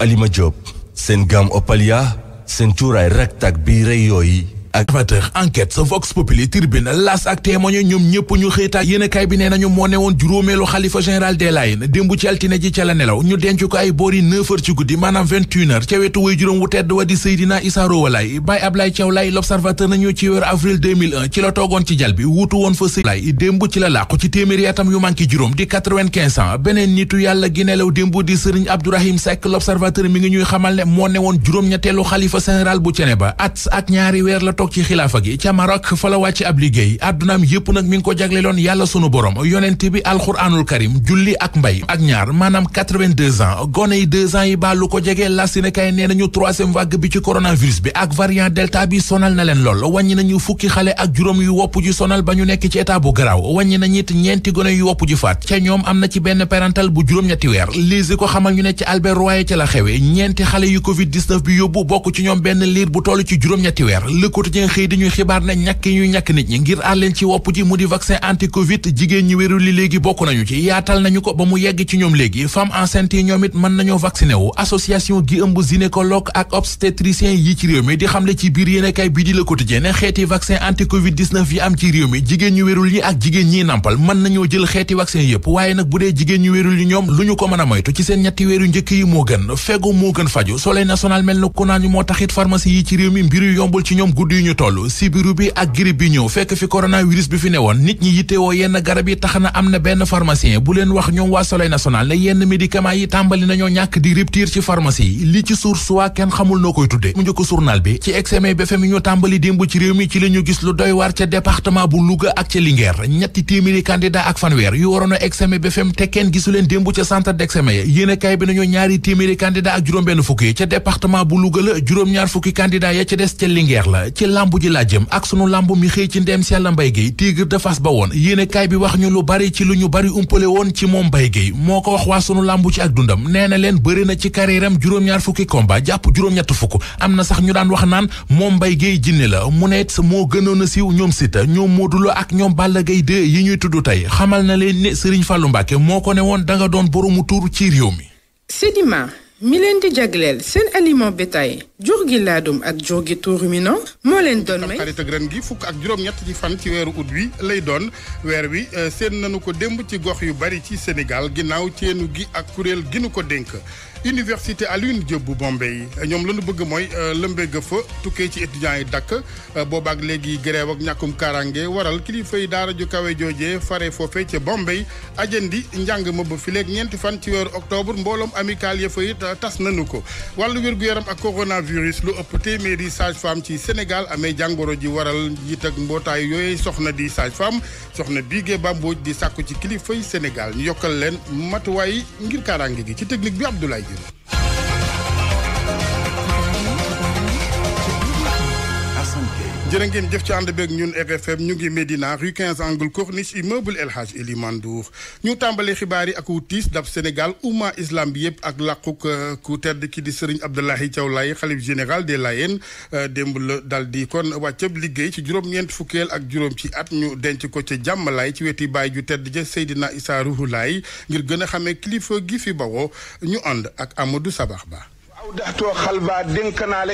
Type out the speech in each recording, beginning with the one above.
Alima Diop seen gaam Opalia seen cuuraay raktak bi rey yooyu ak amateur enquête sa vox populi tribune las ak témoigné ñoom ñëpp ñu xëytaay yéenekaay bi nee nañu moo ne woon juróomeelu xalifa général des ci altine ji ca la nelaw ñu denc ko ay maanaam 21 heures ca wetu way juróom wu tedd wa di Seydina Issa Rohou Laye Baye Ablaye Thiaw Laye la toogoon ci jal bi woon juróom di 95 ans beneen nitu yàlla gi nelaw démb di Serigne Abdourahim Seck l'observateur mi ngi ñuy xamal moo ne woon juróom-ñetteelu xalifa général bu Ceneba at ñaari weer la toog ci xilaafa gi ca Maroc fa la ab liggéey addunaam yëpp nag mi ngi ko jagleloon yàlla sunu borom yonente bi alxuraanul karim julli ak mbay ak ñaar maanaam 82 ans gone yi 2 ans yi ba lu ko jege la sinekaay nee nañu troisième vague bi ci coronavirus bi ak variant delta bi sonal na leen lool wàññi nañu fukki xale ak juróom yu wopp ji sonal ba ñu nekk ci état bu garaaw wàññi na ñit ñeenti gone yu wopp ji faat ca ñoom am na ci benn parental bu juróom-ñetti weer lise ko xamal ñu ne ci Albert Royer ca la xewe ñeenti xale yu covid bokk ci ñoom benn liir bu toll ci juróom-ñetti quotidien xëy di ñuy xibaar ne ñàkk ñuy ñàkk nit ñi ngir leen ci wopp ji di vaccin anti covid jigéen ñi wéru li léegi bokk nañu ci yaatal nañu ko ba mu yegg ci ñoom léegi femme enceinte yi it mën nañoo vacciné wu association gi ëmb gynécologue ak obstétricien yi ci réew mi di xamle ci biir yéenekaay bii di le quotidien ne xeeti vaccin anti covid 19 yi jigéen ñu wérul yi ak jigéen ñiy nàmpal mën nañoo jël xeeti vaccin yépp waaye nag bu dee jigéen ñu wérul yi ñoom lu ñu ko mën a moytu ci seen ñetti wéeru njëkk yi moo gën fegu moo gën faju soleil national mel na ko naan moo taxit pharmacie yi ci réew mi mbiru yombul ci ñoom guddi yu ñu toll sibiru bi ak grippe bi ñëw fekk fi coronavirus bi fi newoon nit ñi yittewoo yenn garab yi tax na am na benn pharmacien bu leen wax ñoom waa Soleil national ne yenn médicaments yi tàmbali nañoo ñàkk di rupture ci pharmacie yi li ci suur suwaa kenn xamul noo koy tudde mu njëkk journal bi ci examen BFEM yi ñu tàmbali démb ci réew mi ci la ñu gis lu doy waar ca département bu Louga ak ca Linguère ñetti téeméeri candidat ak fanweer yu waroon a examen BFEM te kenn gisu leen démb ca centre d'examen ya yéen a kaay bi nañu ñaari téeméeri candidat ak juróom benn fukki ca département bu Louga la juróom-ñaar fukki candidat ya ca des ca Linguère la làmbu ji laa jëm ak sunu làmbu mi xëy ci ndeem si yàlla Mbaye Guèye Tigre de Fass ba woon yéenekaay bi wax ñu lu bari ci lu ñu bari umpale woon ci moom mbay Guèye moo ko wax waa sunu làmbu ci ak dundam nee na leen bëri na ci carrière am juróom-ñaar fukki combat jàpp juróom-ñett fukk am na sax ñu daan wax naan moom mbay Guèye jinne la mu ne it moo gënoon a siiw ñoom Siteu ñoom Modou Lo ak ñoom Balla Gaye 2 yi ñuy tudd tey xamal na leen ni Serigne fàllu Mbacké moo ko ne woon danga doon boroomu tur ci réew mi mi leen di jagleel seen aliment bétail jur gi laadum ak jur gi tout ruminant moo leen doon may ak gi fukk ak juróom-ñett ci fan ci weeru ut wi lay doon weer wi euh, seen nanu ko démb ci gox yu bari ci Sénégal ginnaaw ceenu gi ak kuréel ginu ko dénk université Alioune Diop bu Bombay ñoom la ñu bëgg mooy euh, lëmbee ga fa tukkee ci étudiants yi dakk euh, ak léegi grève ak ñàkkum kaaraange waral kilifa yi daara ju kawe joojee fare foofe ca Bombay ajandi njàng ma ba fileeg ñeenti fan ci weeru octobre mbooloom amical ya fa it tas nañu ko wàllu wér-gu-yaram ak coronavirus lu ëpp téeméeri sage-femme ci Sénégal amee jàngoro ji waral njiit ak mbootaay yooyu soxna di sage-femme soxna Bigué Bambodj di sàkku ci kilifa yi Sénégal yokkal leen matuwaay ngir kaaraange gi ci technique bi Abdoulaye gün. jërë ngeen jëf ci ànd beeg ñun RFM ñu ngi Médina rue 15 angle corniche immeuble El Hadj Eli Mandour ñu tàmbalee xibaar yi ak wu tiis dab Sénégal umma islam bi yëpp ak làquk ku tedd ki di Serigne Abdoulaye Thiaw Laye xalif général des Layènes euh, demb la dal di kon wàccëb liggéey ci juróom-ñeent fukkeel ak juróom ci at ñu denc ko ca jàmmalaay ci weti baay ju tedd ja Seydina Issa Ruhu Laye ngir gën a xamee kilifa gi fi bawoo ñu ànd ak amadu Sabax Ba. aw daxtoo xalbaa dénk naa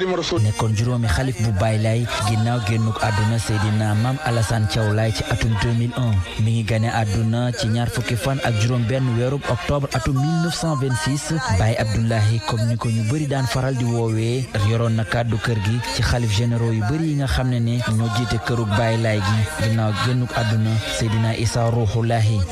nekkoon juróomi xalif bu Baay Laay ginnaaw génnuk àdduna Seydina Maam Alassane Thiaw Laay ci atum 2001 mi ngi gane àdduna ci ñaar fukki fan ak juróom benn weerub octobre atum 1926 Baay Abdoulahi comme ni ko ñu bari daan faral di woowee yoroon na kàddu kër gi ci xalif généraux yu bëri yi nga xam ne ni ñoo jiite këruk Baay Laay gi ginnaaw génnuk àdduna Seydina Issa Ruuxu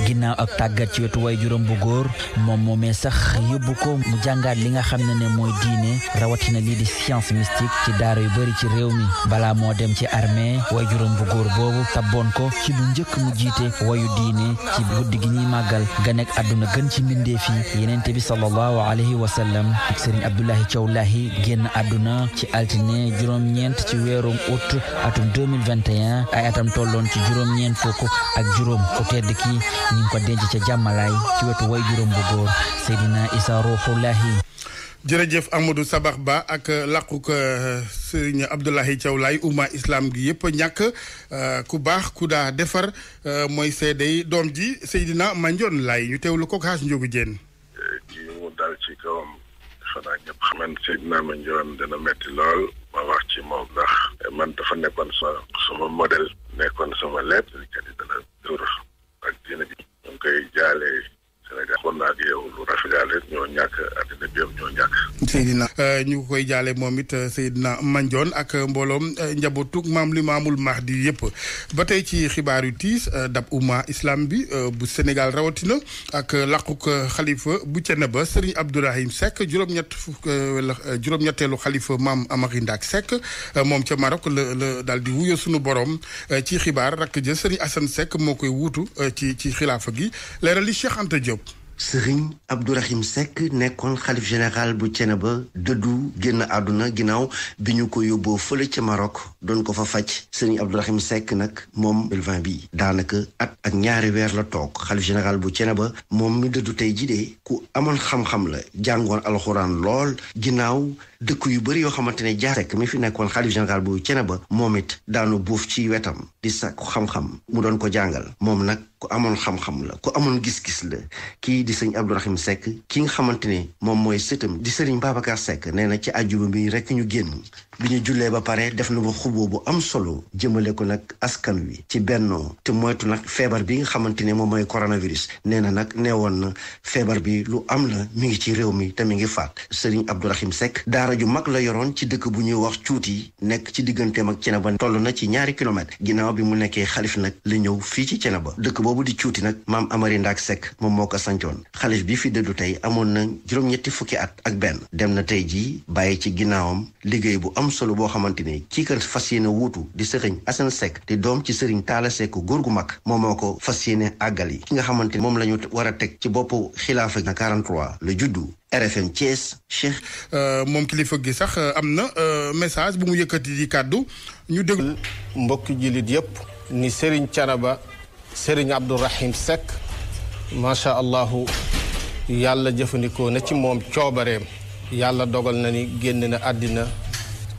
ginnaaw ak tàggat ci wetu way juróom bu góor moom moomee sax yóbbu ko mu jàngaat li nga xam ne ne mooy diine rawatina lii di science mystique ci daara yu bëri ci réew mi balaa moo dem ci armée way juróom bu góor boobu tabboon ko ci lu njëkk mu jiite wayu diine ci guddi gi ñuy màggal ga àdduna gën ci mbindeef yi yeneente bi sallallahu alayhi wa sallam sëriñ Abdoulahi Thiaw Lahi génn àdduna ci altine juróom-ñeent ci weerum août atum 2021 ay atam tolloon ci juróom ak juróom ñu ngi ko denc ca jàmmalaay ci wetu way juróom bu góor Seydina Isa Ruuxullaahi jërëjëf amadu Sabax Ba ak làquk euh, sëriñ Abdoulahi Thiaw Laay umma islaam gi yëpp ñàkk euh, ku baax ku daa defar euh, mooy seedey doom ji Seydina Mandione Laay ñu teew lu ko xaas njógu jéen ji mu dal ci kawam fanaa ñëpp xaman Seydina Mandione dana metti lool ma wax ci moom ndax man dafa nekkoon sa sama modèle nekkoon sama lepp kat yi dana dóor ak diine bi ñu ngi Sénégal kon euh, ñu koy jaale moom it euh, na Mandione ak euh, mbooloom njabootug maam li maamul di yëpp ba tey ci xibaar yu tiis dab umma islam bi bu Sénégal rawatina ak làquk xalifa bu Thiénaba Serigne Abdourahim Seck juróom-ñett fukk juróom-ñetteelu xalifa maam Amary Ndack Seck moom ca Maroc la la daal di wuyo sunu borom ci xibaar rakk ja Serigne Assane Seck moo koy wuutu ci ci xilaafa gi leeral li Cheikh Anta Serigne Abdourahim Seck nekkoon xalif général bu cene ba dëddu génn àdduna ginnaaw bi ñu ko yóbboo fële ci Maroc doon ko fa faj Serigne Abdourahim Seck nag moom 2020 bi daanaka at ak ñaari weer la toog xalif général bu Thiénaba moom mi dëddu tey ji de ku amoon xam-xam la jàngoon alxuraan lool ginnaaw dëkk yu bëri yoo xamante ne jaar mi fi nekkoon xalif général bu Thiénaba moom it daanu buuf ci wetam di sàkku xam-xam mu doon ko jàngal moom nag ku amoon xam-xam la ku amoon gis-gis la di sëñ Abdourahim sekk ki nga xamante ni moom mooy sëtam di sëriñ Babacar sekk nee na ci àjjuma bi rek ñu génn bi ñu jullee ba pare def na ba xuboo bu am solo jëmale ko nag askan wi ci bennoo te moytu nag feebar bi nga xamante ne moom mooy coronavirus nee na nag nee na feebar bi lu am la mi ngi ci réew mi te mi ngi faat sëriñ Abdourahim sekk daara ju mag la yoroon ci dëkk bu ñuy wax cuuti nekk ci digganteem ak Cenaba toll na ci ñaari kilomètre ginnaaw bi mu nekkee xalif nag la ñëw fii ci ba dëkk boobu di cuuti nag maam Amari Ndaak Seck moom moo ko sancoon yoon xalif bi fi dëddu tey amoon na juróom-ñetti fukki at ak benn dem na tey jii bàyyi ci ginnaawam liggéey bu am solo boo xamante ne kii kan fas yéene wuutu di sëriñ Assane Seck di doom ci sëriñ Talla Seck góor gu mag moom moo ko fas yéene àggal ki nga xamante ne moom la ñu war a teg ci boppu xilaafa na 43 la juddu RFM Thiès Cheikh. Euh, moom kilifa gi sax euh, am na euh, message bu mu yëkkati di kàddu ñu déglu. mbokki jullit yépp ni Serigne Thiénaba Serigne Abdourahim Seck. macha allahu yàlla jëfandikoo na ci moom coobareem yàlla dogal na ni génn na àddina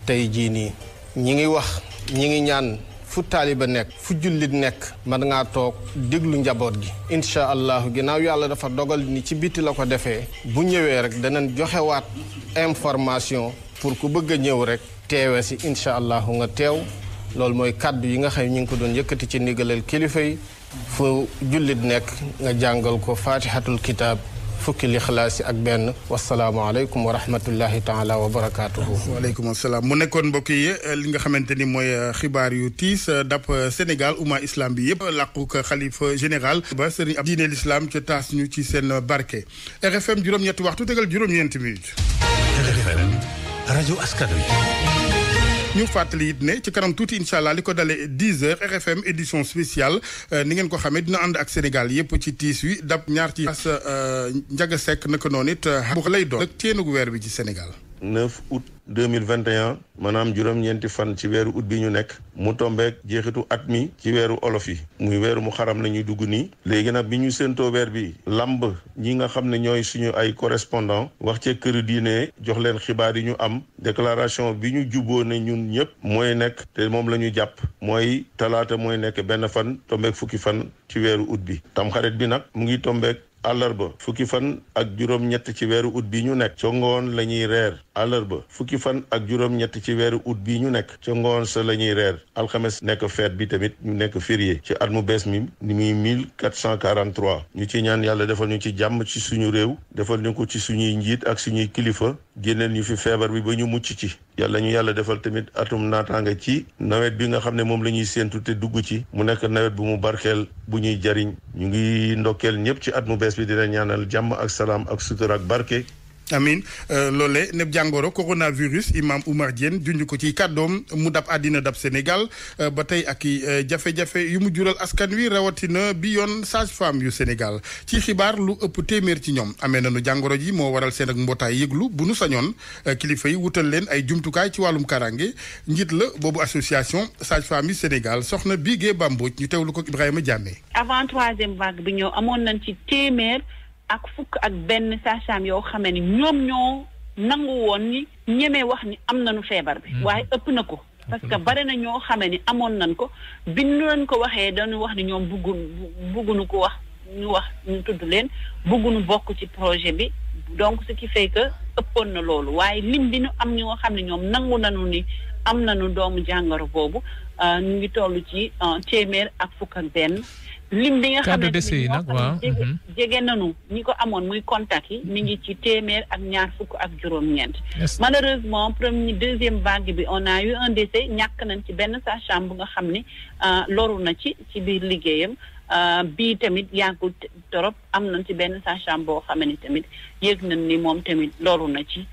tey jii nii ñi ngi wax ñi ngi ñaan fu taaliba nekk fu jullit nekk mën ngaa toog déglu njaboot gi incha allahu ginnaaw yàlla dafa dogal ni ci biti la ko defee bu ñëwee rek danañ joxewaat information pour ku bëgg a ñëw rek teewee si incha allahu nga teew loolu mooy kàddu yi nga xam ñu ngi ko doon yëkkati ci ndigalal kilifa yi fu jullit nekk nga jàngal ko faatihatul kitaab fukki lixlaas yi ak benn wasalaamaaleykum wa rahmatullahi taala wa barakaatuhu. waaleykum salaam mu nekkoon mbokk yi li nga xamante ni mooy euh, xibaar yu tiis euh, dap euh, Sénégal uma islam bi yëpp làquk xalifa génégal ba sëriñ ab diine l'islam ci taas ñu ci seen barke. RFM juróom-ñetti waxtu tegal juróom-ñeenti minutes. RFM askan wi. ñu fàttali ne ci kanam tuuti incha allah li ko dalee 10 heures RFM édition spéciale euh, ni ngeen ko xamee dina ànd ak Sénégal yëpp ci tiis wi dab ñaar ci as euh, njaga sekk naka noon it euh, bu lay doon ak téenug weer bi ci Sénégal. 9 août 2021 maanaam juróom-ñeenti fan ci weeru août bi ñu nekk mu tombeek jeexitu at mi ci weeru olof yi muy weeru mu xaram la ñuy dugg nii léegi nag bi ñu séentoo weer bi lamb ñi nga xam ne ñooy suñu ay correspondant wax cee kër diine jox leen xibaar yi ñu am déclaration bi ñu juboo ne ñun ñëpp mooy nekk te moom la ñu jàpp mooy talaata mooy nekk benn fan tombeek fukki fan ci weeru août bi tamxarit bi nag mu ngi tombeek àllarba fukki fan ak juróom-ñett ci weeru ut bi ñu nekk ca ngoon la ñuy reer àllarba fukki fan ak juróom-ñett ci weeru ut bi ñu nekk ca ngoon sa la ñuy reer alxames nekk feet bi tamit ñu nekk férié ci at mu bees mi ni muy 1443 ñu ci ñaan yàlla defal ñu ci jàmm ci suñu réew defal ñu ko ci suñuy njiit ak suñuy kilifa génneel ñu fi feebar bi ba ñu mucc ci yàlla ñu yàlla defal tamit atum naataanga ci nawet bi nga xam ne moom la ñuy séentu te dugg ci mu nekk nawet bu mu barkeel bu ñuy jariñ ñu ngi ndokkeel ñëpp ci at mu bees bi dina ñaanal jàmm ak salaam ak sutura ak barke amin euh, loole neb jàngoro coronavirus imam Oumar Diène junj ko ci kàddoom mu dab àddina dab Sénégal euh, ba tey ak i euh, jafe-jafe yu mu jural askan wi rawatina bi yoon sage-femme yu Sénégal ci xibaar lu ëpp téeméer ci ñoom amee na nu jàngoro ji moo waral seen ak mbootaay yëglu bu nu sañoon kilifa yi wutal leen ay jumtukaay ci wàllum karange njiit la boobu association sage-femme yu Sénégal soxna Bigué Bambodj ñu teewlu ko Ibrahima Diamé. avant troisième vague bi ñëw ak fukk ak benn saasaam yoo xamee ni ñoom ñoo nangu woon ni ñemee wax ni am nañu feebar bi mm-hmm. waaye ëpp na ko parce que bare na ñoo xamee ni amoon nañ ko bi ñu leen ko waxee dañu wax ni ñoom buggu buggunu ko wax ñu wax ñu tudd leen buggunu bokk ci projet bi donc ce qui fait que ëppoon na loolu waaye lim bi ñu am ñoo xam ne ñoom nangu nañu ni am nañu doomu jàngoro boobu euh, ñu ngi toll ci euh, téeméer ak fukk ak benn lim bi nga xam xamante ni moo xam jege mhm. nañu ñi ko amoon muy contact yi mi ngi ci téeméer ak ñaar fukk ak juróom-ñeent malheureusement premier deuxième vague bi on a eu un décès ñàkk nañ ci benn sage-femme bu nga xam ne euh, loru na ci ci biir liggéeyam euh, bii tamit yàggul torop am nañ ci benn sage-femme boo xam ne tamit yëg nañ ni moom tamit loru na ci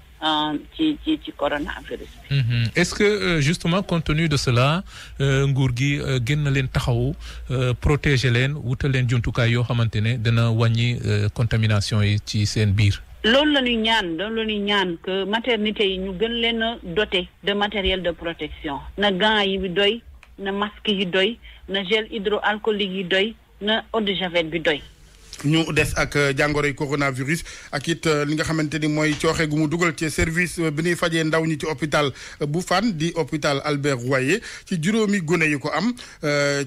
ci ci ci coronavirus mhm. est-ce que euh, justement compte tenu de cela euh, nguur gi euh, gën na leen taxawu protéger leen wutal leen jumtukaay yoo xamante ne dana wàññi contamination yi ci seen biir. loolu la ñuy ñaan loolu la ñuy ñaan que maternité yi ñu gën leen a doté de matériel de protection na gants yi doy na masque yi doy na gel hydroalcoolique yi doy na eau de javel bi doy. ñu des ak euh, jàngoroy coronavirus ak it euh, li nga xamante ni mooy cooxe gu mu dugal ci service euh, bi ñuy fajee ndaw ñi ci hôpital bu Fann di hôpital Albert Royer ci juróomi gone yu ko am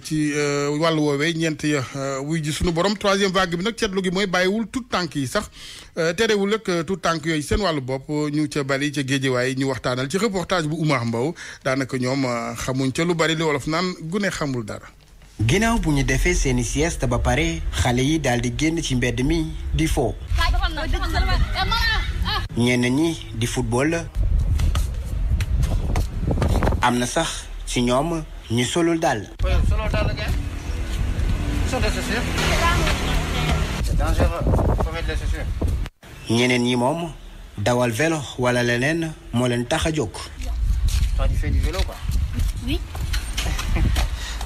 ci wàllu woowee ñeent ya wuy ji sunu borom troisième vague bi nag seetlu gi mooy bàyyiwul tout tànk yi sax terewul ak tout tànk yooyu seen wàllu bopp ñu ca bari ca géejewaay ñu waxtaanal ci reportage bu Oumar Mbow daanaka ñoom xamuñ ca lu bari li wolof naan gune xamul dara. ginnaaw bu ñu defee seeni sieste ba pare xale yi daal di génn ci mbedd mi di fo. ñenn ñi di football. am na sax ci ñoom ñu solul daal. ñeneen ñi moom dawal velo wala leneen moo leen tax a jóg.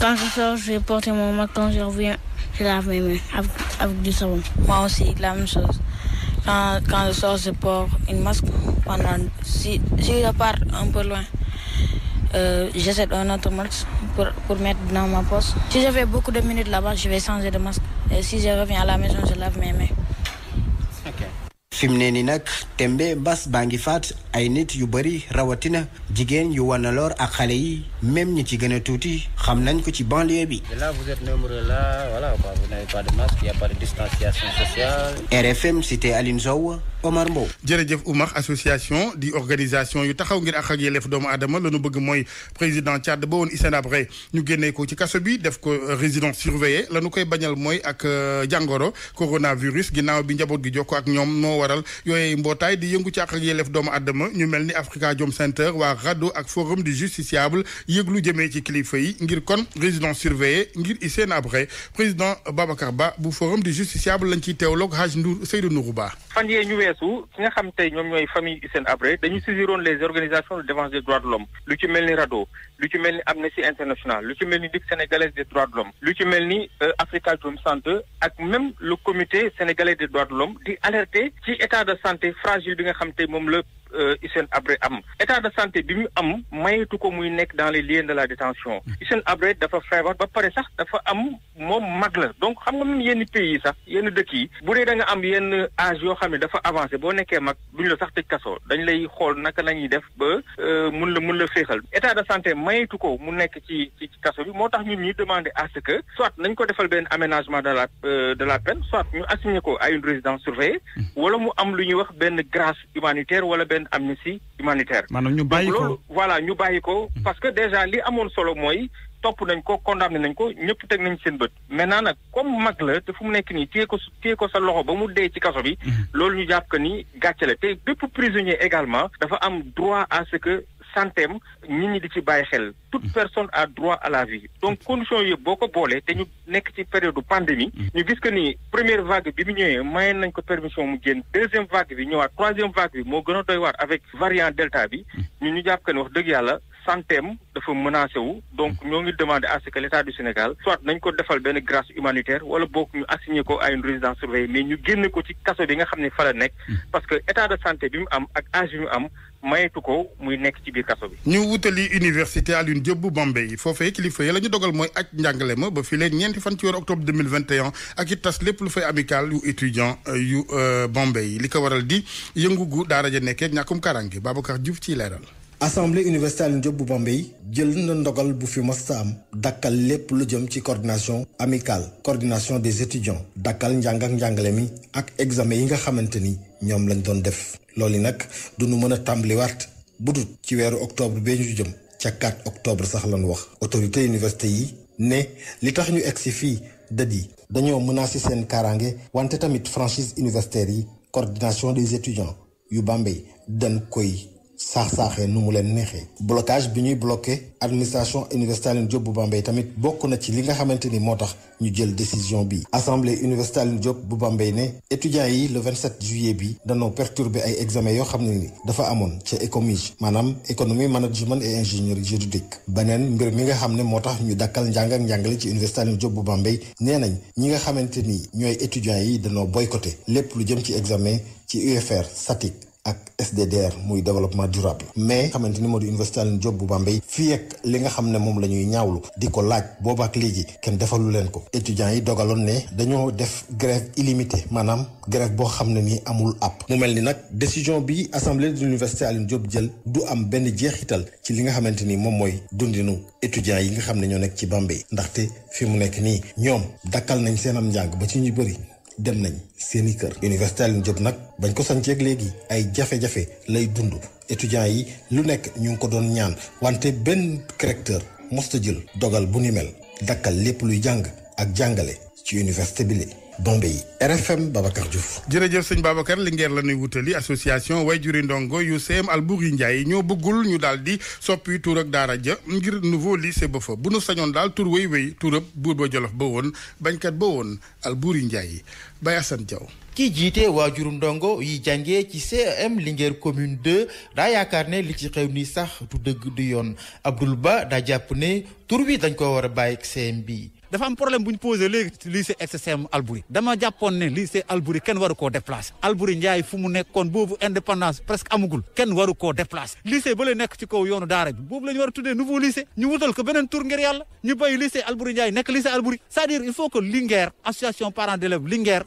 Quand je sors, je porte mon masque. Quand je reviens, je lave mes mains avec, avec du Moi aussi, la même chose. Quand, je sors, porte une masque. Pendant, si, si je un peu loin, euh, j'essaie un autre masque pour, pour mettre dans ma poche. Si je fais beaucoup de minutes là-bas, je vais changer de masque. si je reviens à la maison, je lave mes mains. fi mu ne nii nag tembe mbas baa ngi faat ay nit yu bëri rawatina jigéen yu wanaloor ak xale yi même ñi ci gën tuuti xam nañ ko ci banlieue bi. là vous êtes nombreux a pas de distanciation sociale. RFM cité Aline Sow Omar Mbow. jërëjëf Oumar association di organisation yu taxaw ngir àq ak yelleef doomu aadama la ñu bëgg mooy président Tchad bo woon Hissène Habré ñu génnee ko ci kaso bi def ko euh, résidence surveillée la ñu koy bañal mooy ak euh, jàngoro coronavirus ginnaaw bi njaboot gi jokko ak ñoom waral yooyu mbootaay di yëngu ci àq ak yelleef doomu aadama ñu mel ni Africa Jom Center waa RADDHO ak forum du justiciable yëglu jëmee ci kilifa yi ngir kon résidence surveillée ngir Hissène Habré président Babacar Ba bu forum du justiciable lañ ciy teewloog Hadj Ndour Seydou Nourou Ba. fan yee ñu weesu ki nga xam tey ñoom ñooy famille Hissène Habré dañu saisiroon les organisations de défense des droits de lu ci mel ni RADDHO lu ci mel ni Amnesty International lu ci mel ni Ligue sénégalaise des droits de l'homme lu mel ni euh, Africa Jom ak même le comité sénégalais des de l'homme di ci état de santé fragile bi nga xam te moom la Euh, Hissène Habré am état de santé bi mu am mayeetu ko muy nekk dans les liens de la détention hmm. Hissène Habré dafa feebar ba pare sax dafa am moom mag la donc xam nga même yenn pays sax yenn dëkk yi bu dee da nga am yenn age yoo xam ne dafa avancer boo nekkee mag ñu la sax te kaso dañ lay xool naka la ñuy def ba euh, mun la mun la féexal état de santé mayeetu ko mu nekk ci ci kaso bi moo tax ñun ñuy demande à que soit nañ ko defal benn aménagement de la euh, de la peine soit ko à une résidence surveillée hmm. lu ñuy wax benn grâce humanitaire wala benn benn amnistie humanitaire. maanaam ñu bàyyi ko loolu voilà ñu bàyyi ko. Hmm. parce que déjà li amoon solo mooy topp nañ ko condamné nañ ko ñëpp teg nañ seen bët. maintenant comme mag la te fu mu nekk nii téye ko téye ko sa loxo ba mu dee ci kaso bi. Hmm. loolu ñu jàpp que ni gàcce te bépp prisonnier également dafa am droit à ce que. santé am nit ñi di ci bàyyi xel toute mm-hmm. personne a droit à la vie donc condition yëpp boo ko boolee te ñu nekk ci période pandémie mm-hmm. ñu gis que ni première vague bi mu ñëwee maye nañ ko permission mu génn deuxième vague bi ñëwaat troisième vague bi moo gën a doy waar avec variant delta bi mm-hmm. ñu ñu jàpp que ni wax dëgg yàlla santeem dafa menacé wu donc hmm. ñoo ngi demande à ce que l' du Sénégal soit nañ ko defal benn grâce humanitaire wala boog ñu assigné ko à une résidence surveillée mais ñu génne ko ci kaso bi nga xam ne fa nekk hmm. parce que état de santé bi mu am ak âge bi mu am mayetu ko muy nekk ci biir kaso bi ñu wutali université jëb Diop bu Bambey foofee kilifa yi la ñu dogal mooy ak njàngale ma ba fii léegi ñeenti fan ci weeru octobre 2021 ak it tas lépp lu fay amical yu étudiant euh, yu euh, Bambey li ko waral di yëngu gu daara ja nekkee ñàkkum karange Babacar Diouf ciy leeral assemblée universelle Ndiop bu Bambey jël na ndogal bu fi masta am dakkal lépp lu jëm ci coordination amicale coordination des étudiants dakkal njàng ak njàngale mi ak examen yi nga xamante ni ñoom lañ doon def loolu nag du nu mën a tàmbaliwaat budut ci weeru octobre bee ñu jëm ca 4 octobre sax lañ wax autorité université yi ne li tax ñu egg egsi fii dët yi dañoo menacé seen kaaraange wante tamit franchise universitaire yi cordination des étudiants yu Bambey dañ saax-saaxee nu mu leen neexee blocage bi ñuy bloqué administration université Alioune Diop bu Bambey tamit bokk na ci li nga xamante ni moo tax ñu jël décision bi assemblée université Alioune bu Bambey ne étudiants yi le 27 juillet bi danoo perturbé ay examen yoo xam ne ni dafa amoon ca écomige maanaam économie management et ingénierie juridique beneen mbir mi nga xam ne moo tax ñu dàkkal njàng njàngale ci université job bu Bambey nee nañ ñi nga xamante ni ñooy étudiants yi danoo boycotté lépp lu jëm ci examen ci UFR SATIC ak SDDR muy développement durable mais xamante ni moo di université Alioune Diop bu Bambey fii ak li nga xam ne moom la ñuy ñaawlu di ko laaj boobaak léegi kenn defalu leen ko étudiants yi dogaloon ne dañoo def grève illimité maanaam grève boo xam ne nii amul àpp mu mel ni nag décision bi assemblée de l'université Alioune Diop jël du am benn jeexital ci li nga xamante ni moom mooy dundinu étudiants yi nga xam ne ñoo nekk ci Bambey ndaxte fi mu nekk nii ñoom dakkal nañ seen njàng ba ci ñu bëri dem nañ seeni kër. Université Alioune Diop nag bañ ko sanceeg léegi ay jafe-jafe lay dund étudiants yi lu nekk ñu ngi ko doon ñaan wante benn recteur mosta jël dogal bu ni mel dakkal lépp luy jàng ak jàngale ci université bi la. Bombay RFM Babacar Diouf. jërëjëf sëñ Babacar Linguère la nuy wutali association Wayjuri Ndongo yu CEM Albouri Ndiaye ñoo bëggul ñu daal di soppi tur daara ja ngir nouveau lycée ba fa bu nu sañoon daal tur wéy wéy turab buur ba jolof ba woon bañkat ba woon yu Albouri yi Baye Assane Diaw. ki jiite waajuru ndongo yi jàngee ci CEM Linguère commune 2 daa yaakaar ne li ci xew ni sax du dëgg du yoon Abdoul Ba daa jàpp ne tur wi dañ ko war a bàyyi CEM bi. dafa problème bu ñu posé léegi lycée extrême Albouri dama jàppoon ne lycée Albouri kenn waru koo déplacé Albouri Ndiaye fu mu nekkoon boobu indépendance presque amagul kenn waru koo déplacé lycée ba la nekk ci kaw yoonu daara la ñu war a tuddee nouveau lycée ñu wutal ko beneen tur ngir yàlla ñu bàyyi lycée Albouri Ndiaye nekk lycée Albouri c'est-à-dire il faut que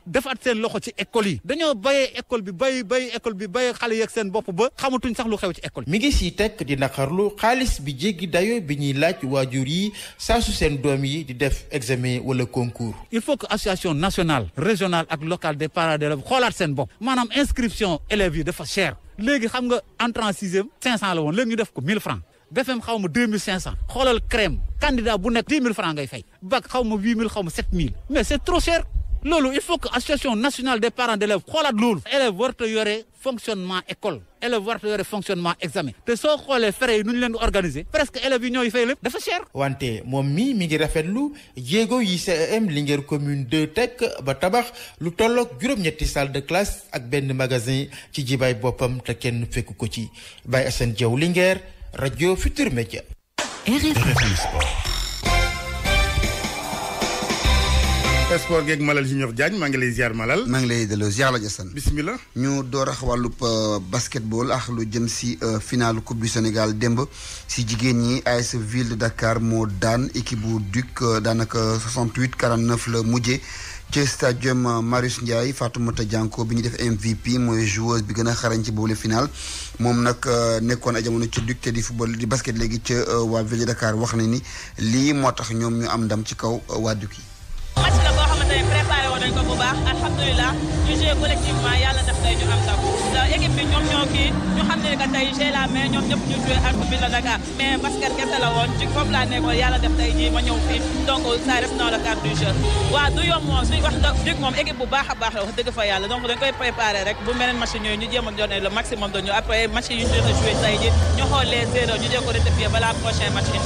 defaat seen loxo ci école yi dañoo bàyyee école bi bàyyi bàyyi école bi bàyyi xale yeeg seen bopp ba xamatuñ sax lu xew ci école mi ngi si tekk di naqarlu xaalis bi jéggi dayo bi ñuy laaj waajur yi saa seen doom yi di def examen wala concours. il faut que association nationale régionale ak locale des parents d'élèves xoolaat seen bopp maanaam inscription élèves yi dafa cher léegi xam nga entrant cinq cent la woon léegi ñu def ko mille francs BFM xaw ma xoolal crème candidat bu nekk dix mille francs ngay fay bac xaw ma xaw ma mais c'est trop cher. loolu il faut que association nationale des parents d'élèves xoolaat loolu élève warta yore fonctionnement école élève warta yore fonctionnement examen te soo xoolee frais yi nu ñu leen di organiser presque élèves yi ñooy fay lépp dafa cher wante moom mii mi ngi rafetlu jéego yi CEM Linguère commune 2 tek ba tabax lu tollook juróom-ñetti salle de classe ak benn magasin ci jibaay boppam te kenn fekku ko ci Baye Assane Diaw Linguère rajo Futur Média sport geeg Malal Junior Diagne maa ngi lay ziar Malal. maa ngi lay delloo ziar la Jassane. bisimilah ñu door ax wàllub euh, basketball ak lu jëm si euh, final coupe du Sénégal démb si jigéen ñi AS Ville de Dakar moo daan équipe bu Duc euh, daanaka 68 49 la mujjee. ci stadium Marius Ndiaye Fatoumata Dianko bi ñu def MVP mooy joueuse bi gën a xarañ ci boobule final moom nag nekkoon ay jamono ci Duc te di football di basket léegi ca waa Ville de Dakar wax na ni lii moo tax ñoom ñu am ndam ci kaw waa Duc nañ ko bu baax alhamdulilah ñu joué collectivement yàlla def tey ñu am ndam équipe bi ñoom ñoo kii ñu xam ne que tey j'ai la main ñoom ñëpp ñu joué ak bi la Dakar ah. mais basket kese la woon ci foofu laa nekkoon yàlla def tey jii ma ñëw fii donc ça reste dans le cadre du jeu du yomb moom suñ wax dëgg moom équipe bu baax a baax la wax dëgg fa yàlla donc dañ koy préparé rek bu meneen match ñooyu maximum de ñu après match yi ñu doon a joué